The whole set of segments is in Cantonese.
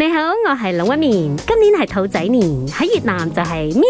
你好，我係龍紋敏。今年係兔仔年，喺越南就係喵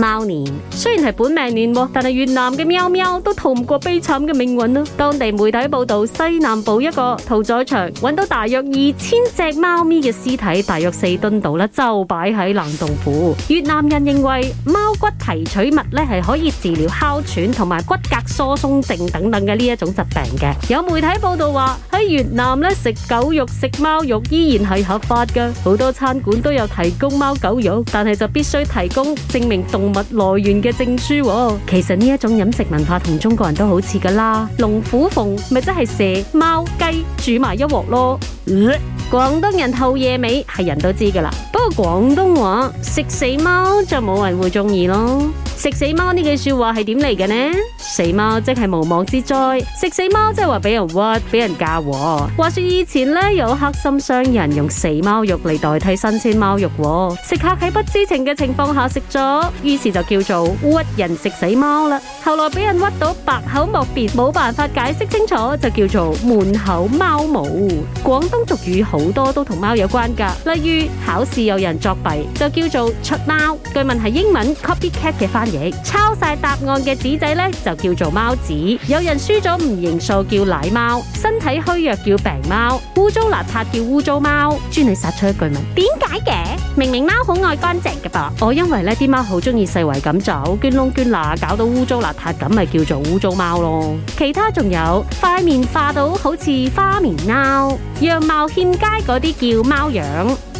貓年。雖然係本命年，但係越南嘅喵喵都逃唔過悲慘嘅命運咯。當地媒體報道，西南部一個屠宰場揾到大約二千隻貓咪嘅屍體，大約四噸度啦，就擺喺冷凍庫。越南人認為貓骨提取物咧係可以治療哮喘同埋骨骼疏鬆症等等嘅呢一種疾病嘅。有媒體報道話喺越南咧食狗肉食貓肉依然係合法。好多餐館都有提供貓狗肉，但係就必須提供證明動物來源嘅證書喎。其實呢一種飲食文化同中國人都好似噶啦，龍虎鳳咪真係蛇、貓、雞煮埋一鑊咯。呃、廣東人好野味，係人都知噶啦，不過廣東話食死貓就冇人會中意咯。食死貓呢句說話係點嚟嘅呢？死貓即係無妄之災，食死貓即係話俾人屈，俾人嫁。話說以前呢，有黑心商人用死貓肉嚟代替新鮮貓肉，食客喺不知情嘅情況下食咗，於是就叫做屈人食死貓啦。後來俾人屈到百口莫辯，冇辦法解釋清楚，就叫做滿口貓毛。廣東俗語好多都同貓有關噶，例如考試有人作弊就叫做出貓，據聞係英文 copycat 嘅翻譯。抄晒答案嘅紙仔呢，就叫做貓紙，有人輸咗唔認數叫賴貓，身體虛弱叫病貓，污糟邋遢叫污糟貓，污糟邋遢叫污糟貓。專你殺出一句問，點解嘅？明明貓好愛乾淨嘅噃，我因為呢啲貓好中意四圍咁走，捐窿捐罅，搞到污糟邋遢，咁咪叫做污糟貓咯。其他仲有塊面化到好似花面貓，樣貌欠佳嗰啲叫貓樣。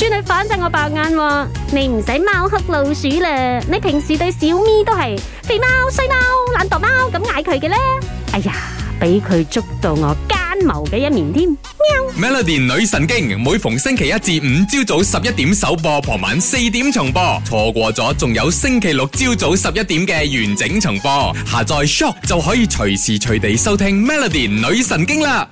孫女反襯我白眼喎，你唔使貓哭老鼠啦，你平時對小咪都係肥貓、衰貓、懶惰貓咁嗌佢嘅咧，哎呀，俾佢捉到我奸謀嘅一面添喵。Melody 女神經每逢星期一至五朝早十一點首播，傍晚四點重播，錯過咗仲有星期六朝早十一點嘅完整重播，下載 Shock 就可以隨時隨地收聽 Melody 女神經啦。